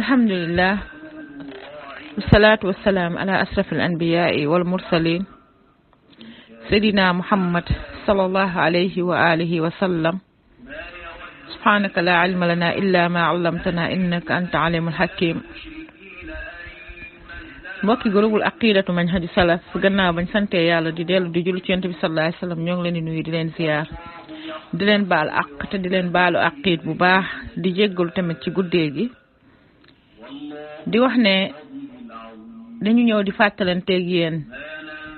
الحمد لله والصلاة والسلام على أشرف الأنبياء والمرسلين سيدنا محمد صلى الله عليه وآله وسلم سبحانك لا علم لنا إلا ما علمتنا إنك أنت عليم الحكيم mbokki groupe aqidatu manhaj salaf gannaaw bañ sante yàlla di dellu di julli ci yonent bi sallallahu alayhi wasallam ñoo ngi leen di nuyu di leen ziar di leen baal àq te di leen baalu àqiit bu baax di jéggalu tamit ci guddee gi di wax ne dañu ñëw di fàttalanteeg yéen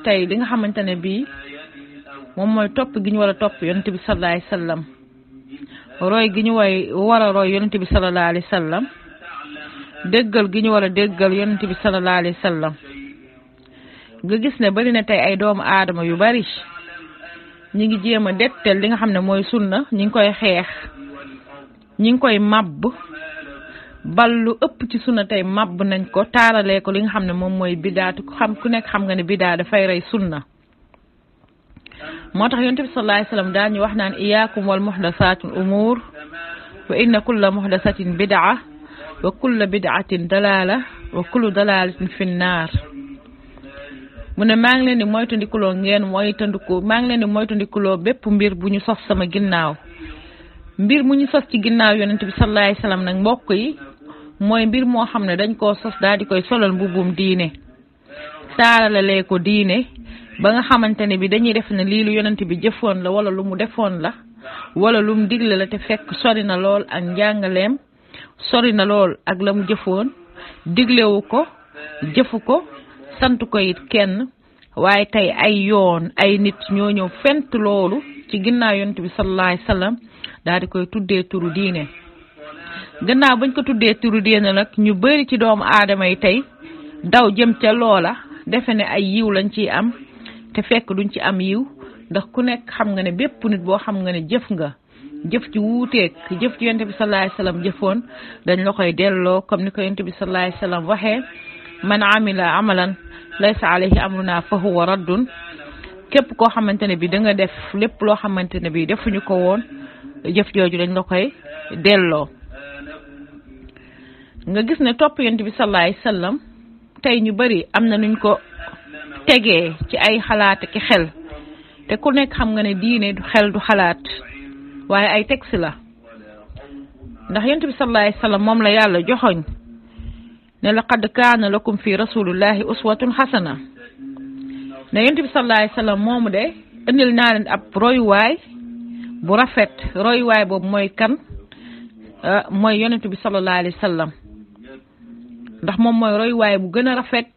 tey li nga xamante ne bii moom mooy topp gi ñu war a topp yonent bi sallallahu alayhi sallam roy gi ñu way war a roy yonent bi sallallahu alayhi sallam déggal gi war a déggal yonent bi sallallahu alayhi sallam gis ne bari na tey ay doomu aadama yu bari ñi ngi jéem a dettel li nga xam ne mooy sunna ñi ngi koy xeex ñi ngi koy màbb bal ëpp ci sunna tey màbb nañ ko taaralee ko li nga xam ne moom mooy bidaatu xam ku nekk xam nga ne bidaa dafay rey sunna moo tax yonent bi sallallahu wax naan iyaakum wal muhdasaati umuur wa inna kulla muhdasatin bidaa wa kulla bidaatin dalaala wa kullu dalaalatin fi nnaar mu ne maa ngi leen di moytandikuloo ngeen moytandiku maa ngi leen di bépp mbir bu ñu sos sama ginnaaw mbir mu ñu sos ci ginnaaw yonent bi sallallahu alayhi nag mbokk yi mooy mbir moo xam ne dañ koo sos daa di koy solal mbubbum diine taaralalee ko diine ba nga xamante ne bi dañuy def ne lii lu yonent bi jëfoon la wala lu mu defoon la wala lu mu digle la te fekk sori na lool ak njàngaleem sori na lool ak la mu jëfoon diglewu ko jëfu ko sant ko it kenn waaye tey ay yoon ay nit ñoo ñëw fent loolu ci ginnaaw yonent bi salallahu alih w sallam daa di koy tuddee turu diine gannaaw bañ ko tuddee turu diine nag ñu bëri ci doomu aadama yi tey daw jëm ca loola defe ne ay yiw lañ ciy am te fekk duñ ci am yiw ndax ku nekk xam nga ne bépp nit boo xam nga ne jëf nga jëf ci wuuteeg jëf ci yonent bi sallallahu alayhi jëfoon dañ la koy delloo comme ni ko yonent bi sallallahu alayhi wasallam waxee man amila amalan laysa alayhi amruna fa huwa raddun képp koo xamante ne bi da nga def lépp loo xamante ne bi defuñu ko woon jëf jooju dañ la koy delloo nga gis ne topp yonent bi sallallahu alayhi wa sallam tey ñu bari am na nuñ ko tegee ci ay xalaat ki xel te ku nekk xam nga ne diine du xel du xalaat waaye ay texte la ndax yonent bi sallallahu wa sallam moom la yàlla joxoñ ne laqad kaana lakum fi rasulillahi uswatun xasana ne yonent bi sallallahu alayhi wa sallam moomu de indil naa leen ab royuwaay bu rafet royuwaay boobu mooy kan ah, mooy yonent bi sallallahu alayhi wa sallam ndax moom mooy roy bu gën a rafet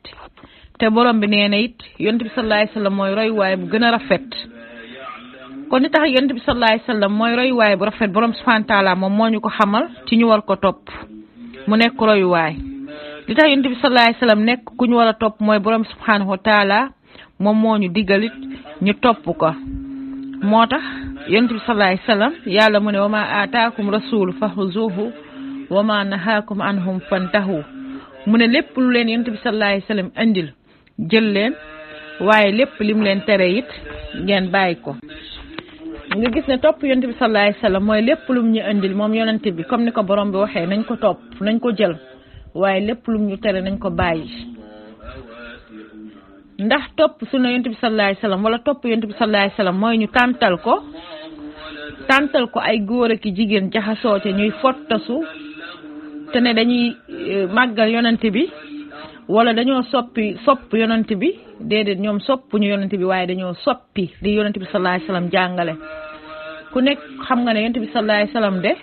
te borom bi nee na it yonent bi sallallahu mooy roy bu gën a rafet kon li tax yonent bi sallallahu alayhi mooy roy bu rafet borom subhanahu wa taala moom moo ñu ko xamal ci ñu war ko topp mu nekk roy waay li tax yonent bi sallallahu alayhi nekk ku ñu war a topp mooy borom subhanahu wa taala moom moo ñu digalit ñu topp ko moo tax yonent bi sallallahu alayhi wasallam yàlla mu ne wa ma aataakum rasulu fa xuzuhu wa ma nahaakum anhum fantahu mu ne lépp lu leen yonent bi sallallahu alayhi wa indil jël leen waaye lépp lim leen tere it ngeen bàyyi ko. nga gis ne topp yonent bi sallallahu alayhi wa mooy lépp lum ñu indil moom yonent bi comme ni ko borom bi waxee nañ ko topp nañ ko jël waaye lépp lum ñu tere nañ ko bàyyi. ndax topp sunna yonent bi sallallahu alayhi wasallam wala topp yonent bi sallallahu alayhi wasallam mooy ñu tàntal ko tàntal ko ay góor ak jigéen jaxasoo ca ñuy fottasu te ne dañuy euh, màggal yonent bi wala dañoo soppi sopp yonent bi déedéet ñoom soppuñu yonent bi waaye dañoo soppi di yonent bi sallallahu alayhi wasallam jàngale ku nekk xam nga ne yonent bi sallallahu de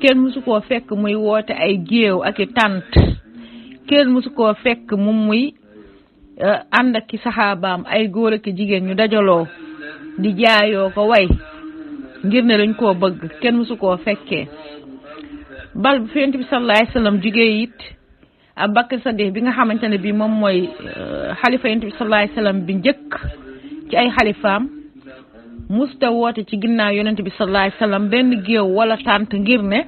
kenn mësu koo fekk muy woote ay géew ak i tànt mësu koo fekk mu muy euh, ànd ki saxaabaam ay góor ak jigéen ñu dajaloo di jaayoo ko way ngir ne dañ ko bëgg kenn mësu koo fekkee bal bu fent bi sallallahu alayhi wa sallam jugee bi nga xamante ne bii moom mooy euh, xalifa yent bi sallallahu alayhi bi njëkk ci ay xalifam musta woote ci ginnaaw yonent bi sallallahu alayhi benn géew wala tànt ngir ne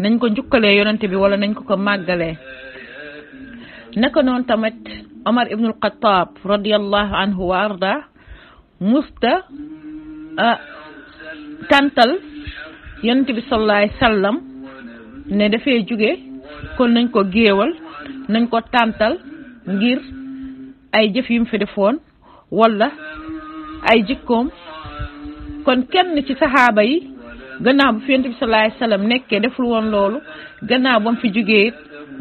nañ ko njukkalee yonent bi wala nañ ko ko màggalee naka noonu tamit Omar ibnul Xataab radiallahu wa arda musta euh, tàntal yonent bi sallallahu sallam ne dafay jóge kon nañ ko géewal nañ ko tàntal ngir ay jëf yim fi defoon walla ay jikkoom kon kenn ci saxaaba yi gannaaw bu fi yonent bi sallallahu deful woon loolu gannaaw ba fi jógee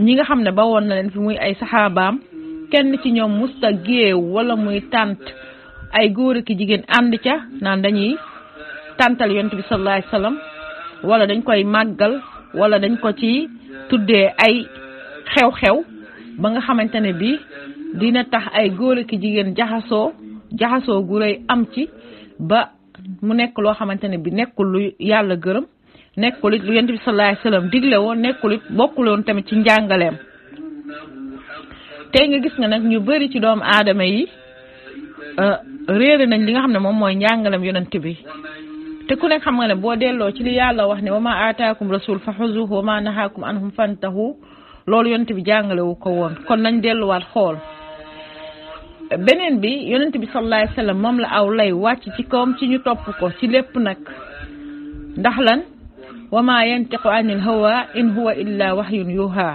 ñi nga xam ne ba na leen fi muy ay saxaabaam kenn ci ñoom musta géew wala muy tànt ay góor jigéen ànd ca dañuy tàntal yonent bi sallallahu alayhi dañ koy màggal wala dañ ko ci tuddee ay xew-xew ba nga xamante ne bi dina tax ay góor ak jigéen jaxasoo jaxasoo gu rëy am ci ba mu nekk loo xamante ne bi nekkul lu yàlla gërëm nekkul it lu yonent bi sallallahu alayhi wasallam digle woon nekkul it bokkul woon tamit ci njàngaleem te nga gis nga nag ñu bari ci doomu aadama yi euh, réer nañ li nga xam ne moom mooy njàngaleem yonent bi te ku nekk xam nga ne boo delloo ci li yàlla wax ne wa ma aataakum rasul fa xuzuhu wa ma nahaakum anhum fantahu loolu yonent bi jàngalewu ko woon kon nañ delluwaat xool beneen bi yonent bi sallallahu alayhi wa sallam moom la aw lay wàcc ci kawam ci ñu topp ko ci lépp nag ndax lan wa ma yantiqu anil hawa in huwa illa wahyun yuha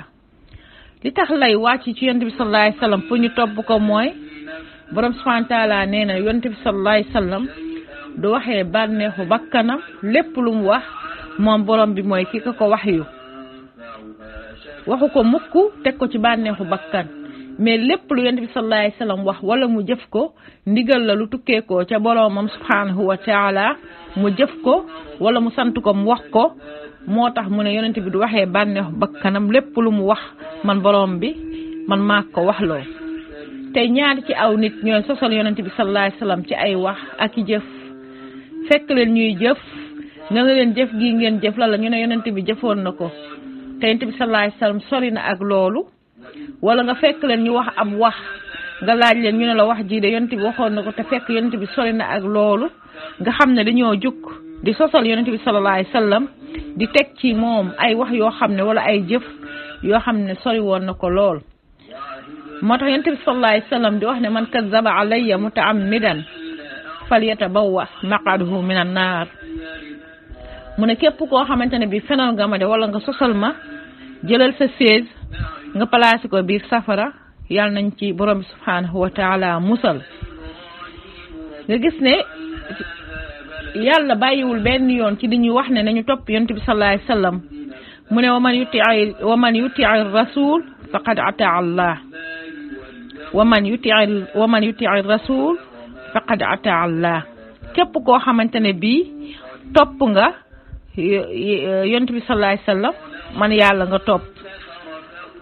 li tax lay wàcc ci yonent bi sallallahu alayhi wa sallam ñu topp ko mooy borom subhanahu wa taala nee na yonent bi du waxee bànneexu bakkanam lépp lu mu wax moom borom bi mooy ki ko wax yu waxu ko mukk teg ko ci bànneexu bakkan mais lépp lu yonent bi sallallahu alayhi wasallam wax wala mu jëf ko ndigal la lu tukkee ko ca boromam subhanahu wa taala mu jëf ko wala mu sant ko mu wax ko moo tax mu ne yonent bi du waxee bànneexu bakkanam lépp lu mu wax man borom bi man maa wax te ñaar ci aw nit ñooy sosal yonent sallallahu alayhi wasallam ci ay wax ak jëf fekk leen ñuy jëf nga ne leen jëf gii ngeen jëf la la ñu ne yonent bi jëfoon na ko te yonent bi salaay salaam sori na ak loolu wala nga fekk leen ñu wax ab wax nga laaj leen ñu ne la wax jii de yonent bi waxoon na ko te fekk yonent bi sori na ak loolu nga xam ne dañoo jukk di sosal yonent bi salaay salaam di teg ci moom ay wax yoo xam ne wala ay jëf yoo xam ne sori woon na ko lool moo tax yonent bi salaay salaam di wax ne man kazzaba alayya mutaammidan falyatabawwa maqadahu min an naar mu ne képp koo xamante ne bi fenal nga ma de wala nga sosal ma jëlal sa chaise nga placé ko biir safara yàlla nañ ci borom bi subhanahu wa taala musal nga gis ne yàlla bàyyiwul benn yoon ci li ñuy wax ne nañu topp yonent bi sallallahu alayhi mu ne wa man yuti wa man yuti rasul faqad ata allah wa man yuti wa man faqad ata allah képp koo xamante ne bii topp nga yonent bi salaay sallam man yàlla nga topp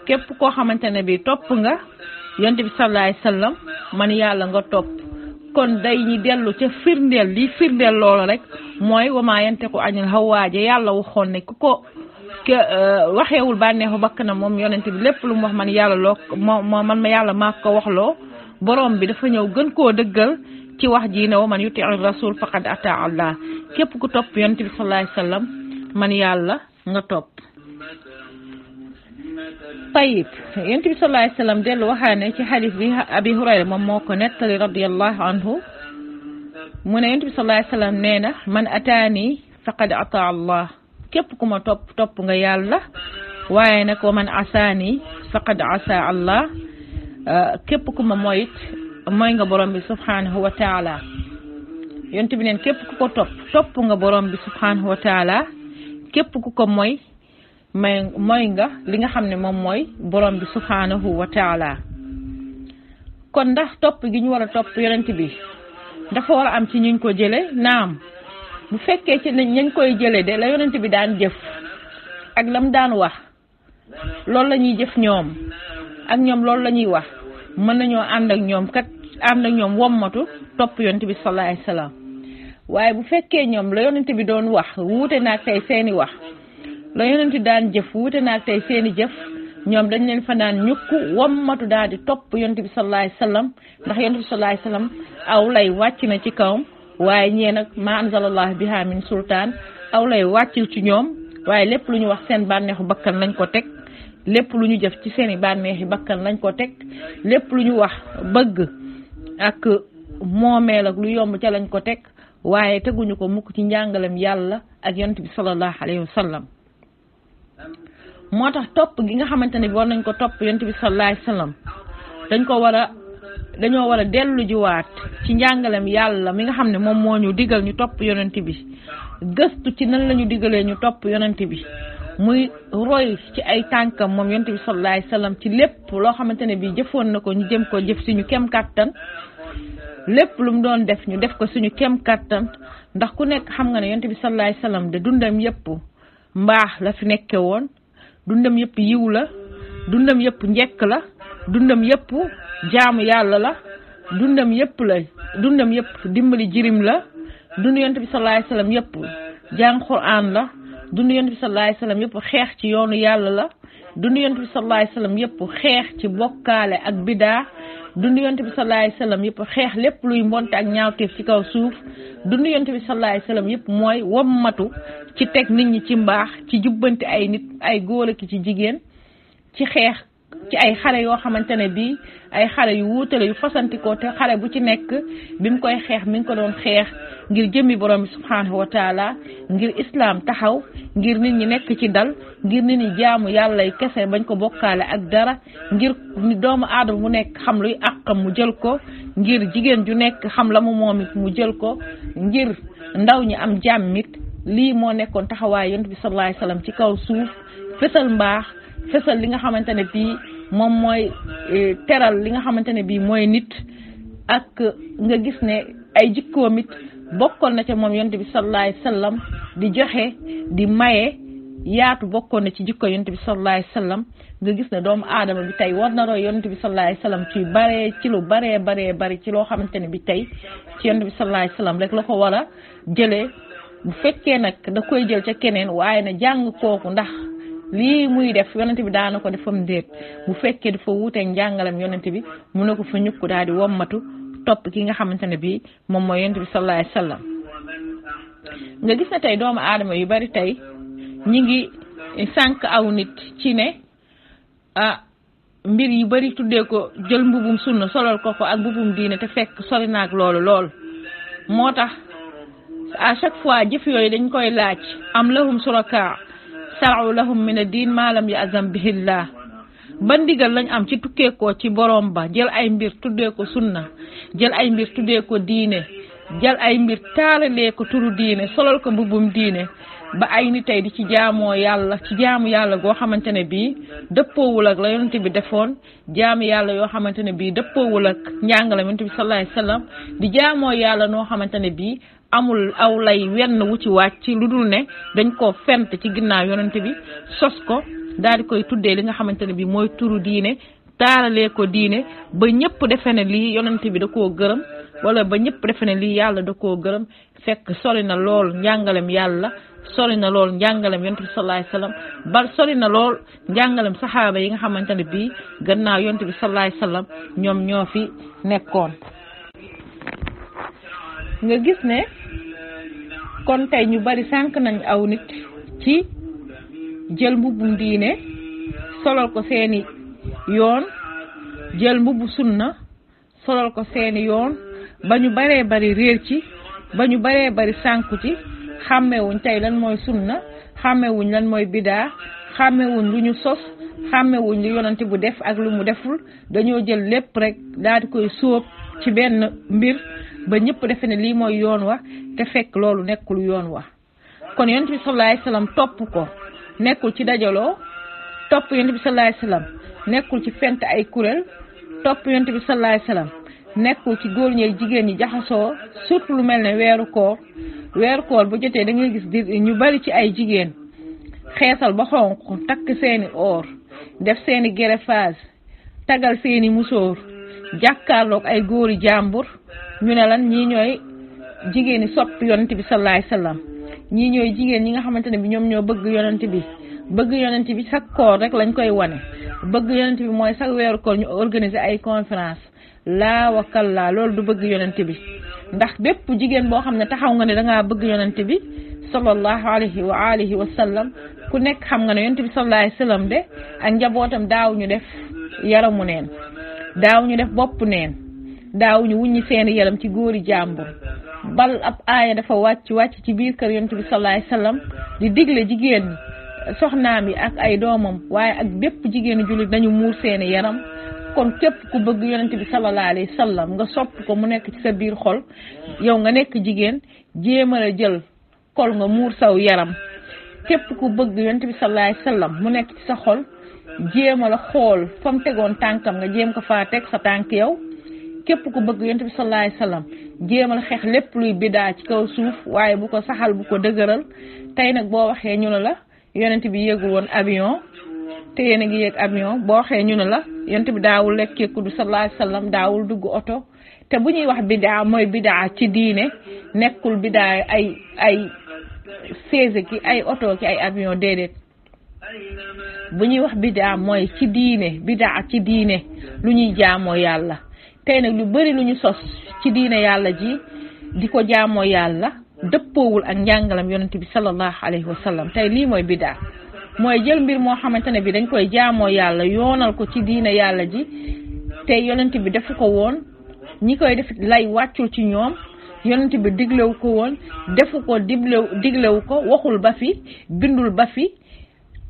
képp koo xamante ne bii topp nga yonent bi salaay sallam man yàlla nga topp kon day ñi dellu ca firndeel li firndeel lool rek mooy wamaa yante ko añul xawaaje yàlla waxoon ne ku ko ke e, waxeewul bànneexu bakk na moom yonent bi lépp lu wax man yàlla maa ko waxloo borom bi dafa ñëw gën koo dëggal ci wax ji ne wa man yuti rasul faqad ata allah képp ku topp yonent bi sallallahu alayhi wasallam man yàlla nga topp طيب ينتبه صلى الله عليه وسلم دل وحانة في حديث بها أبي هريرة من موقع نتلي رضي الله عنه من ينتبه صلى الله عليه وسلم نينا من أتاني فقد أطاع الله كيف كما توب توب يالا وينك ومن عساني فقد عسى الله كيف كما مويت mooy nga borom bi subhanahu wa taala yont bi neen képp ku ko topp topp nga borom bi subhanahu wa taala képp ku ko moy may mooy nga li nga xam ne moom mooy borom bi subhanahu wa taala kon ndax topp gi ñu war a topp yonent bi dafa war a am ci ñuñ ko jële naam bu fekkee ci ñañ koy jële de la yonent bi daan jëf ak lam daan wax loolu lañuy jëf ñoom ak ñoom loolu la ñuy wax mën nañoo ànd ñoom kat am na ñoom wommatu topp yonent bi sallallahu alayhi waaye bu fekkee ñoom la yonent bi doon wax wuute naag tey seeni wax la yonent daan jëf wuute naag tey seeni jëf ñoom dañ leen fa naan ñukk wommatu daal di topp yonent bi sallallahu alayhi wasallam ndax yonent bi sallallahu aw lay wàcc na ci kawam waaye ñee nag ma anzalallahu biha min sultaan aw lay wàcci ci ñoom waaye lépp lu ñu wax seen bànneexu bakkan lañ ko teg lépp lu ñu jëf ci seeni bànneexi bakkan lañ ko teg lépp lu ñu wax bëgg ak moomeel ak lu yomb ca lañ ko teg waaye teguñu ko mukk ci njàngalem yàlla ak yonent bi sallallahu alayhi wa sallam moo tax topp gi nga xamante ne bi war nañ ko topp yonent bi sallallahu alayhi dañ ko war a dañoo war a dellu jiwaat ci njàngalem yàlla mi nga xam ne moom moo ñu digal ñu topp yonent bi gëstu ci nan la digalee ñu topp yonent bi muy roy ci ay tànkam moom yonent bi sallallahu alayhi ci lépp loo xamante ne bi jëfoon na ko ñu jëm ko jëf suñu kem kàttan lépp lu doon def ñu def ko suñu kem kàttan ndax ku nekk xam nga ne yonent bi sallallahu alayhi wasallam de dundam yëpp mbaax la fi nekke woon dundam yëpp yiw la dundam yëpp njekk la dundam yëpp jaamu yàlla la dundam yëpp la dundam yëpp dimbali jirim la dund yonent bi sallallahu alayhi yëpp Qur'an la dundu yonent bi sallallahu alayhi wasallam yëpp xeex ci yoonu yàlla la dund yonent bi sallallahu alayhi wasallam xeex ci bokkaale ak bidaa dund yonent bi sallallahu alayhi wasallam yëpp xeex lépp luy mbonte ak ñaawteef ci kaw suuf dund yonent bi sallallahu alayhi wasallam yëpp mooy wommatu ci teg nit ñi ci mbaax ci jubbanti ay nit ay góor ak ci jigéen ci xeex ci ay xare yoo xamante ne bii ay xare yu wuutale yu fasantikoo te xare bu ci nekk bi mu koy xeex mi ngi ko doon xeex ngir jëmmi borom bi subhaanahu ngir islaam taxaw ngir nit ñi nekk ci dal ngir nit ñi jaamu yàlla yi kese bañ ko bokkaale ak dara ngir doomu aadama mu nekk xam luy àqam mu jël ko ngir jigéen ju nekk xam la mu moom mu jël ko ngir ndaw ñi am jàmmit lii moo nekkoon taxawaay yonent bi sallallahu alayhi ci kaw suuf fësal mbaax fësal li nga xamante ne bii moom mooy e, teral li nga xamante ne bii mooy nit ak nga gis ne ay jikkoom bokkoon na ca moom yonent bi sallallahu alayhi di joxe di maye yaatu bokkoon na ci jikko yont bi sallallahu alayhi wa nga gis ne doomu aadama bi tey war na roy yonent bi sallallahu alayhi wa ci baree ci lu bare baree bari ci loo xamante ne bi tey ci yonent bi sallallahu alayhi wa rek la ko war a jëlee bu fekkee nag da koy jël ca keneen waaye na jàng kooku ndax lii muy def yonent bi daana ko defam déet bu fekkee dafa wuuteeg njàngalam yonent bi mu ne ko fa ñukku daal di wommatu topp ki nga xamante ne bii moom mooy yonent bi sallallahu alayhi wa sallam nga gis ne tey doomu aadama yu bari tey ñi ngi sànq aw nit ci ne ah mbir yu bari tuddee ko jël mbubum sunna solal ko ko ak mbubum diine te fekk soli loolu lool moo tax à chaque fois jëf yooyu dañ koy laaj am lahum suraka yastaraw lahum min adin malam yasam bihillah bandigal lañ am ci tukke ko ci borom ba jël ay mbir tuddee ko sunna jël ay mbir tuddee ko diine jël ay mbir taalalee ko turu diine solol ko mbubum diine ba ay nitay di ci jaamoo yàlla ci jaamu yàlla goo xamante ne bii dëppoowul ak la yonente bi defoon jaamu yàlla yoo xamante ne bii dëppoowul ak njàngala yonente bi salalah ai sallam di jaamoo yàlla noo xamante ne bii amul aw lay wenn wu ci wàcc ci lu dul ne dañ koo fent ci ginnaaw yonent bi sos ko daal di koy tuddee li nga xamante ne bi mooy turu diine taaralee ko diine ba ñëpp defe ne li yonent bi da koo gërëm wala ba ñëpp defe ne lii yàlla da koo gërëm fekk sori na lool njàngalem yàlla sori na lool njàngalem yonent bi sallallahu alayhi wasallam na lool njàngalem saxaaba yi nga xamante ne bii gannaaw yonent bi sallallahu ñoom ñoo fi nekkoon nga gis ne kon tey ñu bari sànq nañ aw nit ci jël mbubbum diine solal ko seeni yoon jël mbubbu sunna solal ko seeni yoon ba ñu baree bari réer ci ba ñu baree bari sànku ci xàmmewuñ tey lan mooy sunna xàmmewuñ lañ mooy biddaa xàmmewuñ lu ñu sos xàmmewuñ lu yonante bu def ak lu mu deful dañoo jël lépp rekk daal koy sóob ci benn mbir ba ñëpp defe ne lii mooy yoon wax te fekk loolu nekkul yoon wa kon yonent bi sallallahu topp ko nekkul ci dajaloo topp yonent bi sallallahu nekkul ci fent ay kuréel topp yonent bi sallallahu alayhi wasallam nekkul ci góor ñee jigéen ñi jaxasoo surtout lu mel ne weeru koor weeru koor bu jotee da gis di ñu bari ci ay jigéen xeesal ba xonq takk seeni or def seeni greffage tagal seeni musóor jàkkaarloog ay góori jàmbur ñu ne lan ñii ñooy jigéeni sopp yonent bi sallallahu alayhi ñii ñooy jigéen ñi nga xamante ne bi ñoom ñoo bëgg yonent bi bëgg yonent bi chaque koor rek lañ koy wane bëgg yonent bi mooy chaque weeru ko ñu organiser ay conférence laa laa loolu du bëgg yonent bi ndax bépp jigéen boo xam ne taxaw nga ne dangaa bëgg yonent bi sallallahu alayhi wa alihi wa sallam ku nekk xam nga ne yonent bi sallallahu alayhi wa sallam de ak njabootam daaw ñu def yaramu neen daaw ñu def bopp neen daawuñu wuññi seeni yaram ci góori jàmbur bal ab aaya dafa wàcc wàcc ci biir kër yonent bi salaay salaam di digle jigéen soxnaam yi ak ay doomam waaye ak bépp jigéenu jullit dañu muur seeni yaram kon képp ku bëgg yonent bi sallallahu alayhi nga sopp ko mu nekk ci sa biir xol yow nga nekk jigéen jéemal a jël kol nga muur saw yaram képp ku bëgg yonent bi sallallahu alayhi mu nekk sa xol jéemal a xool fa tegoon tànkam nga jéem ko faa teg sa tànk yow képp ku bëgg yonent bi sallallahu alayhi jéemal xeex lépp luy bidaa ci kaw suuf waaye bu ko saxal bu ko dëgëral tey nag boo waxee ñu ne la yonent bi yéegul woon avion te yéen a ngi yéeg avion boo waxee ñu ne la yonent bi daawul lekkee ku du sallallahu daawul dugg oto te bu ñuy wax bidaa mooy bidaa ci diine nekkul bidaa ay ay siège ki ay oto ki ay avion déedéet bu ñuy wax bidaa mooy ci ci diine lu ñuy jaamoo yàlla tey nag lu bari lu ñu sos ci diine yàlla ji di ko jaamoo yàlla dëppoowul ak njàngalam yonent bi sallallahu alayhi wa sallam tey lii mooy bidaa mooy jël mbir moo xamante ne bi dañ koy jaamoo yàlla yoonal ko ci diine yàlla ji tey yonent bi defu ko woon ñi koy def lay wàccul ci ñoom yonent bi diglewu ko woon defu ko diglew diglewu ko waxul ba fi bindul ba fi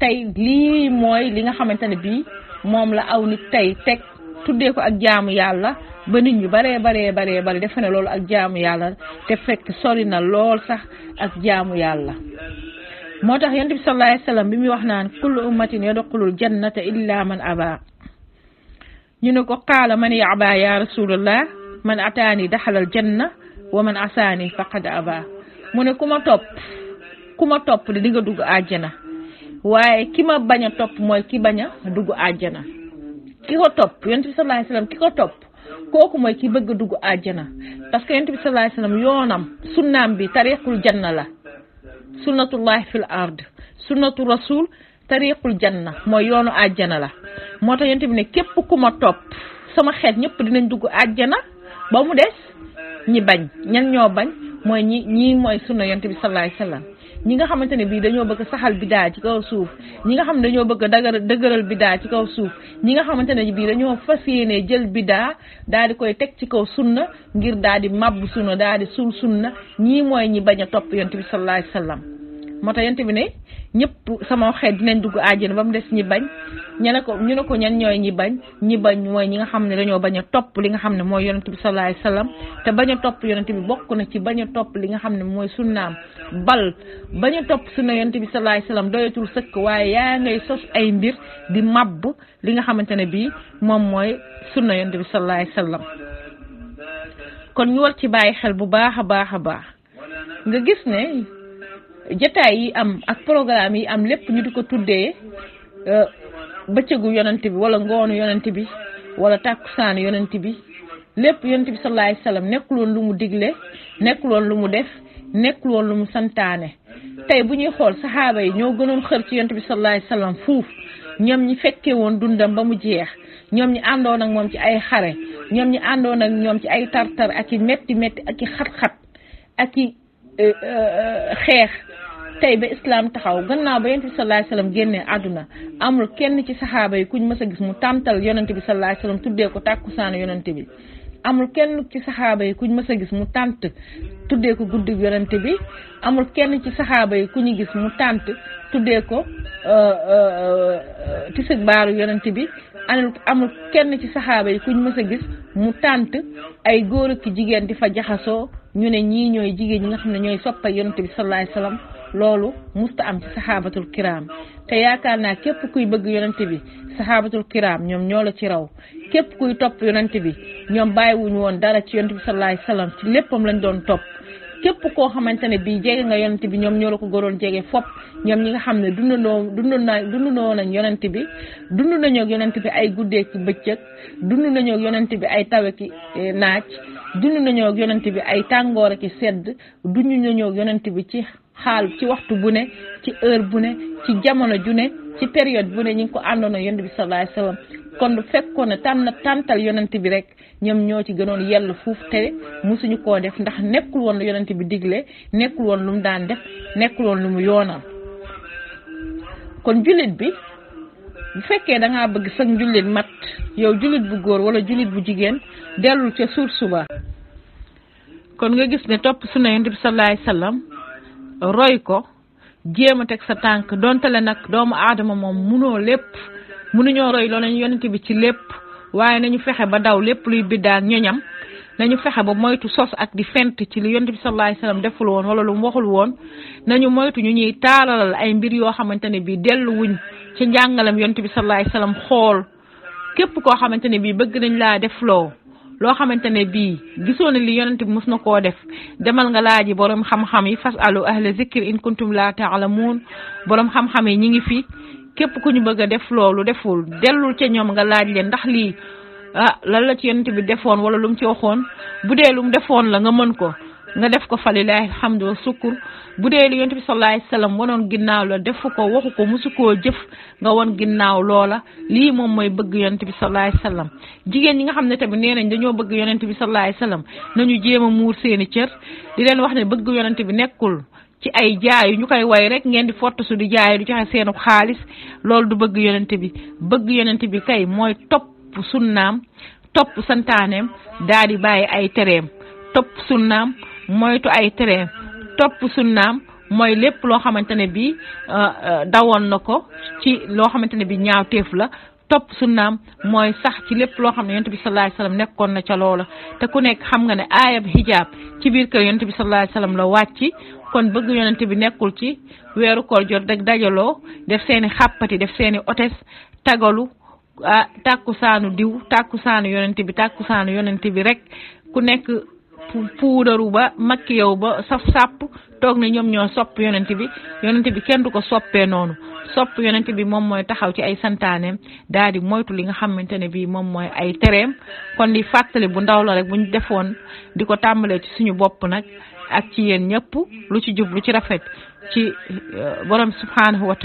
tey lii mooy li nga xamante ne bii moom la aw nit tey teg tuddé ko ak jaamu yalla ba nit ñu bare bare bare bare defe na lool ak jaamu yalla té fekk sori na lool sax ak jaamu yalla motax tax sallallahu alayhi wasallam bi wax naan kullu ummatin yadkhulul jannata illa man aba ñu ne ko qala man yaba ya rasulullah man ataani al janna wa man asani faqad aba mu ne kuma top kuma top di nga dugg aljana waye kima baña top moy ki baña dugg ki ko topp yonent bi sallallahu alayhi wasallam ki ko topp kooku mooy ki bëgg a dugg àjjana parce que yonent bi sallallahu alayhi wasallam yoonam sunnaam bi tariqul janna la sunnatullahi fil ard sunnatu rasul tariqul janna mooy yoonu àjjana la moo tax yonent bi ne képp ku ma topp sama xeet ñëpp dinañ dugg àjjana ba mu des ñi bañ ñan ñoo bañ mooy ñi ñii mooy sunna yonent bi sallallahu alayhi wasallam ñi nga xamante ne bii dañoo bëgg saxal bidaa ci kaw suuf ñi nga xam ne dañoo bëgg dagar dëgëral bidaa ci kaw suuf ñi nga xamante ne bii dañoo fas yéene jël bidaa daal di koy teg ci kaw sunna ngir daal di màbb sunna daal di suul sunna ñii mooy ñi bañ a topp yont bi sallallahu alayhi wa moo tax yent bi ne ñëpp sama xeet dinañ dugg àjjana ba mu des ñi bañ ñu ne ko ñu ne ko ñan ñooy ñi bañ ñi bañ mooy ñi nga xam ne dañoo bañ a topp li nga xam ne mooy yonent bi sallallahu alayhi wasallam te bañ topp yonent bi bokk na ci bañ a topp li nga xam ne mooy sunnaam bal bañ a topp sunna yonent bi sallallahu alayhi wasallam doyatul sëkk waaye yaa ngay ay mbir di màbb li nga xamante ne bii moom mooy sunna yonent bi sallallahu alayhi wasallam kon ñu war ci bàyyi xel bu baax a baax a baax nga gis ne jataay yi am ak programme yi am lépp ñu di ko tuddee euh, bëccëgu yonent bi wala ngoonu yonent bi wala tàkkusaanu yonent bi lépp yonent bi sallallahu alayhi nekkuloon lu mu digle nekkuloon lu mu def nekkuloon lu mu santaane tey bu ñuy xool saxaaba yi ñoo gënoon xër ci yonent bi sallallahu alayhi wasallam fuuf ñoom ñi fekkee woon dundam ba mu jeex ñoom ñi àndoon ak moom ci ay xare ñoom ñi àndoon ak ñoom ci ay tartar ak i metti metti ak i xat-xat ak i euh, euh, xeex tey ba islam taxaw gannaaw ba yonent bi génnee àdduna amul kenn ci saxaaba yi kuñ mës gis mu tàmtal yonent bi sallallahu alayhi wasallam tuddee ko tàkkusaanu yonent bi amul kenn ci saxaaba yi kuñ mës a gis mu tànt tuddee ko guddi yonent bi amul kenn ci saxaaba yi ku ñu gis mu tànt tuddee ko euh, euh, tisig baaru yonent bi anul amul kenn ci saxaaba yi kuñ mës a mu tànt ay góor ak jigéen di fa jaxasoo ñu ne ñii ñooy jigéen ñi nga xam ne ñooy soppa yonent bi sallallahu alayhi loolu musta am ci saxaabatul kiraam te yaakaar naa képp kuy bëgg yonent bi saxaabatul kiraam ñoom ñoo la ci raw képp kuy topp yonent bi ñoom bàyyiwuñu woon dara ci yonent bi sallallahu alayhi wasallam ci léppam lañ doon topp képp koo xamante ne bii jege nga yonent bi ñoom ñoo la ko goroon jege fop ñoom ñi nga xam ne dundandoo dund naa dundandoo nañ yonent bi dund nañoo ak yonent bi ay guddee ki bëccëg dund nañoo ak yonent bi ay tawe ki eh, naaj dund nañoo ak yonent bi ay tàngoor ak sedd dund nañoo ak yonent bi ci xaal ci waxtu bu ne ci heure bu ne ci jamono ju ne ci période bu ne ñu ngi ko àndoon a yonent bi sallallahu alayhi kon kon fekkoon ne tànn tàntal yonent bi rek ñoom ñoo ci gënoon yell fuuf te mosuñu koo def ndax nekkul woon lu yonant bi digle nekkul woon lu mu daan def nekkul lu mu yoonal kon jullit bi bu fekkee da ngaa bëgg jullit mat yow jullit bu góor wala jullit bu jigéen dellul ca suur suba kon nga gis ne topp sunna yonent bi salaay sallam roy ko jéem a teg sa tànk dontale nag doomu aadama moom munoo lépp munuñoo roy loolu nañu yonent bi ci lépp waaye nañu fexe ba daw lépp luy biddaa ak nañu fexe ba moytu sos ak di fent ci li yonent bi sallallahu alayhi deful woon wala lu mu waxul woon nañu moytu ñu ñuy taalalal ay mbir yoo xamante ne delluwuñ ci njàngalam yonent bi sallallahu alayhi wasallam xool képp koo xamante ne bii bëgg nañ laa def loo loo xamante ne bii gisoo na li yonent bi mos na koo def demal nga laaji borom xam-xam yi fas alu ahla zikr in kuntum la taalamuun borom xam-xam yi ñi ngi fi képp ku ñu bëgg a def loolu deful dellul ca ñoom nga laaj leen ndax lii ah lan la ci yonent bi defoon wala lu ci waxoon bu dee lu defoon la nga mën ko nga def ko fa lillahi alhamdu wa sukkur bu dee li yonent bi sallallahu alayhi wasallam wanoon ginnaaw la def ko waxu ko musu koo jëf nga won ginnaaw loola lii moom mooy bëgg yonent bi sallallahu alayhi wasallam jigéen ñi nga xam ne tamit nee nañ dañoo bëgg yonent bi sallallahu alayhi wasallam nañu jéem a muur seeni cër di leen wax ne bëgg yonent bi nekkul ci ay jaayu ñu koy way rek ngeen di fottu su di jaayu du joxe seenu xaalis loolu du bëgg yonent bi bëgg yonent bi kay mooy topp sunnaam topp santaaneem daal di bàyyi ay tereem moytu ay tereem topp sunnaam mooy lépp loo xamante ne bi euh, euh, dawoon na ko ci loo xamante ne bi ñaaw téef la topp suunam mooy sax ci lépp loo xam ne yonent bi sallallahu alayhi wasallam nekkoon na ca loola te ku nekk xam nga ne aayab hijab ci biir kër yonent bi sallallahu alayhi wasallam la wàcc kon bëgg yonent bi nekkul ci weeru koor jot rek dajaloo def seeni xàppati def seeni otes tagalu ah tàkku saanu diw tàkku saanu yonent bi tàkku saanu yonent bi rek puudaru ba makkiyaw ba saf sàpp toog ne ñoom ñoo sopp yonent bi yonent bi kenn du ko soppee noonu sopp yonent bi moom mooy taxaw ci ay santaaneem daal di moytu li nga xamante ne bii moom mooy ay tereem kon di fàttali bu ndaw la rek buñ defoon di ko tàmbalee ci suñu bopp nag ak ci yéen ñëpp lu ci jub lu ci rafet ci euh, borom subhanahu wa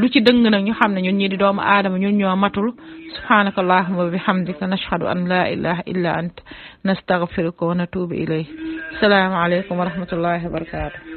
lu ci dëng nag ñu xam ne ñun ñi di doomu aadama ñun ñoo matul subhanaka allahuma wa bihamdika nashhadu an la ilaha illa ant nastaghfiruka wa natubu ilayk salaamu alaykum wa rahmatullahi wa barakatuh